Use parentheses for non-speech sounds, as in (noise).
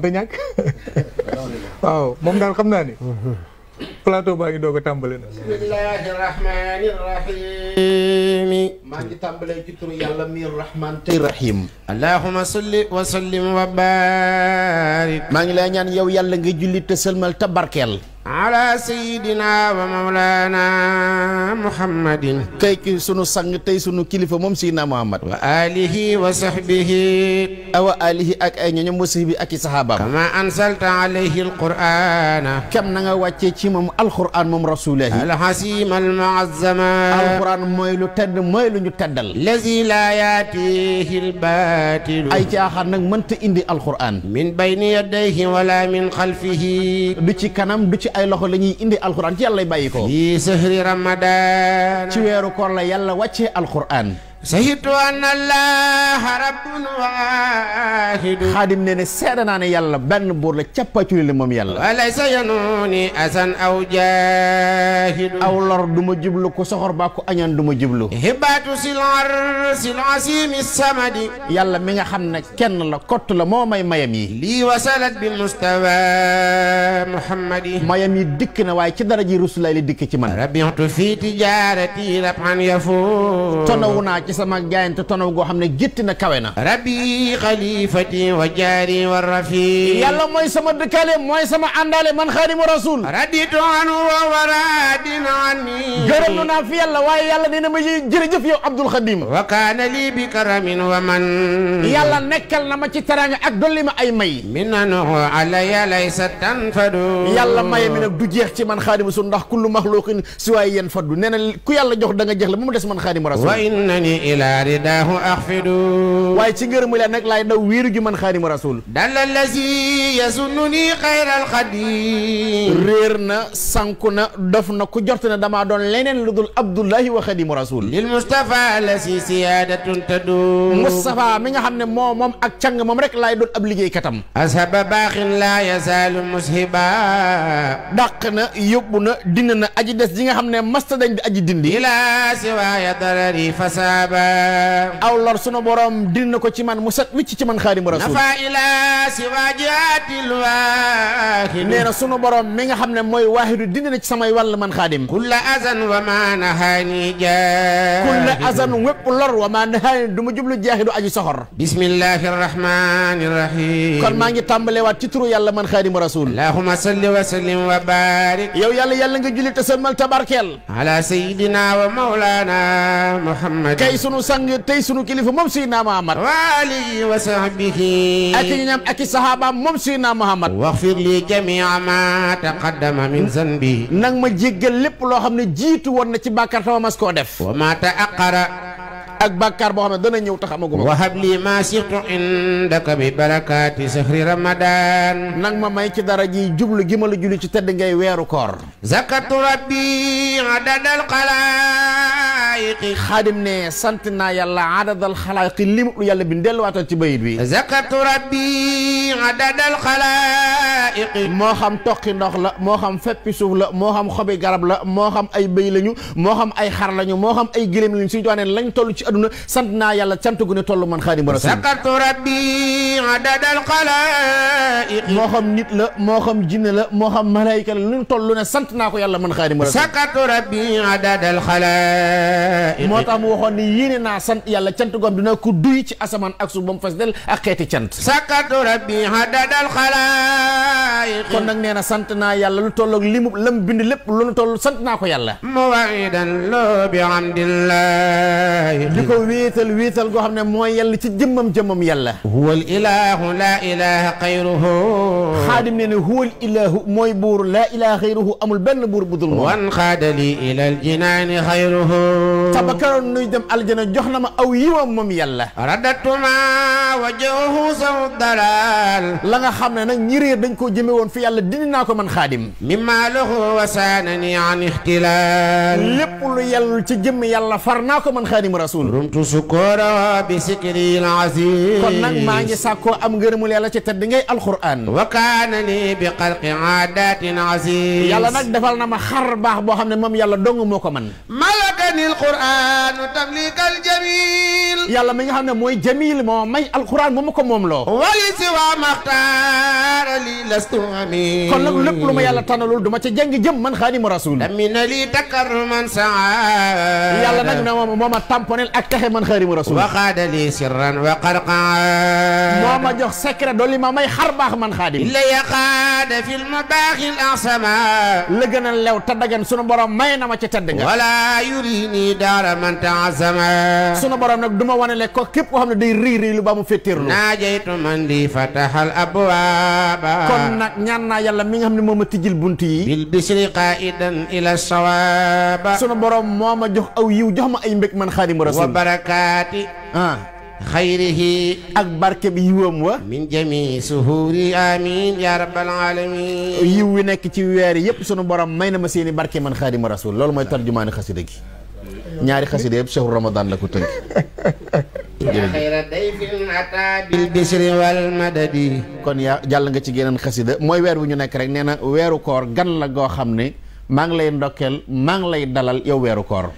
mënta ñàkk (laughs) moom daal xam naa ni plateau baa ngi doog a tàmbale na bismillahi rahmani rahim maa ngi tàmbalee ci yàlla mi rahman tey rahim allahuma salli wa wa barik maa ngi lay ñaan yow yàlla nga jullit te sëlmal ala sayidina wa mawlana muhammadin kay ki sunu sang tey sunu kilifa moom sayidina muhammad wa alihi wa sahbihi awa alihi ak ay ñoñom wa sahbi ak i sahabaam kama ansalta alayhi alqur'ana kam na nga wàccee ci moom alqur'an moom rasulihi alhasim almuazzama alqur'an mooy lu tedd mooy lu ñu teddal la yaatihi albatilu ay caaxaan nag mënta indi alqur'an min bayni yadayhi wala min xalfihi du kanam du ay loxo la ñuy indi alxuraan ci yàlla lay bàyyi ko. fii sahri ramadan. ci weeru koor la yàlla wàccee alxuraan. sahit an allah rabbun waahid xaadim nee ne seede yàlla benn buur la cappaaculi la moom yàlla walaysa yanuni asan aw jaahid aw lor du ma jublu ko soxor baa ko añaan du ma jublu hibaatu silor silosimi samadi yàlla mi nga xam ne kenn la kott la moo may mayam yi lii wasalat bi mustawa muhammadi mayam yi dikk na waaye ci daraji rusulaay li dikk ci man rabitu fi tijarati raban yafu ci sama jaayante tonaw goo xam ne gétti na kawe na rabbi xalifati wa jaari wa rafi yàlla mooy sama dëkkaale mooy sama àndaale man xaadimu rasul raditu anu wa waradin anni gërëm nu naa fi yàlla waaye yàlla nee na ma jërëjëf yow abdul xadim wa kaana lii bi karamin wa man yàlla nekkal na ma ci teraanga ak dolli ma ay may minanu ala yalaysa tanfadu yàlla maye mi nag du jeex ci man xaadimu rasul ndax kullu maxluqin siwaay yen faddu nee na ku yàlla jox da nga jeex la ba mu des man xaadimu rasul wa innani ilaa ridaahu axfidu waaye ci ngërëmu la nag laay daw wéeru gi man xaadimu rasul dalla lazi yasunnu ni xayral xadim réer na sànku na dof na ku jort na damaa doon leneen lu dul abdullahi wa xaadimu rasul lil mustapha la si siyaadatun tadu mustapha mi nga xam ne moom moom ak càng moom rek laay doon ab liggéey katam ashaba baaxin laa yazaalu mushiba dàq na yóbbu na dina na aji des ji nga xam ne masta dañ di aji dindi ilaa siwaaya darari fasab aw lor sunu borom dil na ko ci man mu set wicc ci man xaadimu rasul nee na sunu borom mi nga xam ne mooy waahidu dindi ci samay walla man xaadim kulla azan wa ma nahaani jaahid kulla azan wépp lor wa ma nahaani du jublu jaahidu aju soxor bismillahi rahmani rahim kon ngi tàmbalewaat ci turu yàlla man xaadimu rasul allahumma salli wa sallim wa barik yow yàlla yàlla nga julli te sëlmal tabarkeel ala sayyidina wa mawlana muhammad sunu sang tey sunu kilifa moom Seydina Muhammad wa alihi wa sahbihi ak ñam ak sahabaam moom Seydina Muhammad waxfir li jamia ma taqaddama min zanbi nang ma jéggal lépp loo xam ne jiitu woon na ci bàkkaar tama mas koo def wa ma ak bàkkaar boo xam ne dana ñëw tax amaguma wa hab lii maa siqtu indaka bi barakaati sahri ramadan nag ma may ci dara ji jublu gi ma la julli ci tedd ngay weeru koor zakatu rabbi adadal xalaayiqi xaadim ne sant naa yàlla adadal xalaayiqi limu lu yàlla bi delluwaatal ci bayit bi zakatu rabbi adadal xalaayiqi moo xam toqi ndox la moo xam feppi suuf la moo xam xobi garab la moo xam ay béy lañu moo xam ay xar lañu moo xam ay gëléem lañu suñu doonee lañ toll ci àdduna sant naa yàlla cant gu ne toll man xaadimu rasul sakartu rabbi adadal xalaayiq moo xam nit la moo xam jinne la moo xam malayka la lu ñu na ne sant naa ko yàlla man xaadimu rasul sakartu rabbi adadal moo tax mu waxoon ni yéene naa sant yàlla cant goom dina ko duy ci asamaan ak su ba mu fas del ak xeeti cant sakartu rabbi adadal xalaayiq kon nag nee na sant naa lu tolloog li mu lam bind lépp lu nu toll ko yàlla mu waxidan loo bi amdillah di ko wéetal wéetal goo xam ne moo yàlla ci jëmmam jëmmam yàlla huwal ilahu laa ilaha xayruhu xaadim ne ne mooy buur laa ilaha xayruhu amul benn buur bu dul moom wan xaadali ilal jinaani xayruhu tabakaroon nuy dem aljana jox na ma aw yiwam moom yàlla radatuma wajahu saw dalal la nga ne nag ñi dañ koo woon fi yàlla dindi naa ko man xaadim mimma an ixtilal lépp lu yàllul ci jëmm yàlla far naa man xaadim rasul rumtu sukkoora bi sikri al-aziz kon nag maa ngi sàkkoo am ngërëmul yàlla ci tedd ngay alquran wa kaana li bi xalqi aadatin aziz yàlla nag defal na ma xar baax boo xam ne moom yàlla dong moo ko man malakani alquran tamlikal jamil yàlla mi nga xam ne mooy jamil moo may alquran moo ko moom loo wali siwa maxtaar lii lastu amin kon nag lépp lu ma yàlla tànnalul du ma ca jàng jëm man xaadimu rasul damina lii takkar man saa yàlla nag ne moom moo ma tamponel ak texe man xaadimu rasul wa qarqa ma jox secret li ma may xar baax man xaadim la yaqaada fi lmabaaxil asama la gën a lew te dagan sunu borom may na ma ca tedd nga wala yuri nii daara man taazama sunu borom nag du ma wanele ko képp koo xam ne day riiri lu ba mu féttéerlu naajaytu man di fataxal kon nag ñaan naa yàlla mi nga xam ne moo ma tijjil bunt yi bil bisri qaidan ila sawaaba sunu borom moo ma jox aw yiw jox ma ay mbég man xaadimu rasul wa barakaati xayrihi ak barke bi yiwam wa min jami suhuri amin ya rabbal alamin yiw wi nekk ci weer yëpp sunu borom may na ma seeni barke man xaadimu rasul loolu mooy tarjumaani xasida gi ñaari xasida yëpp chahru ramadan la ko tënk jërëjëf kon yaa jàll nga ci geneen xasida mooy weer wu ñu nekk rek nee na weeru koor gan la goo xam ne maa ngi lay ndokkeel maa ngi lay dalal yow weeru koor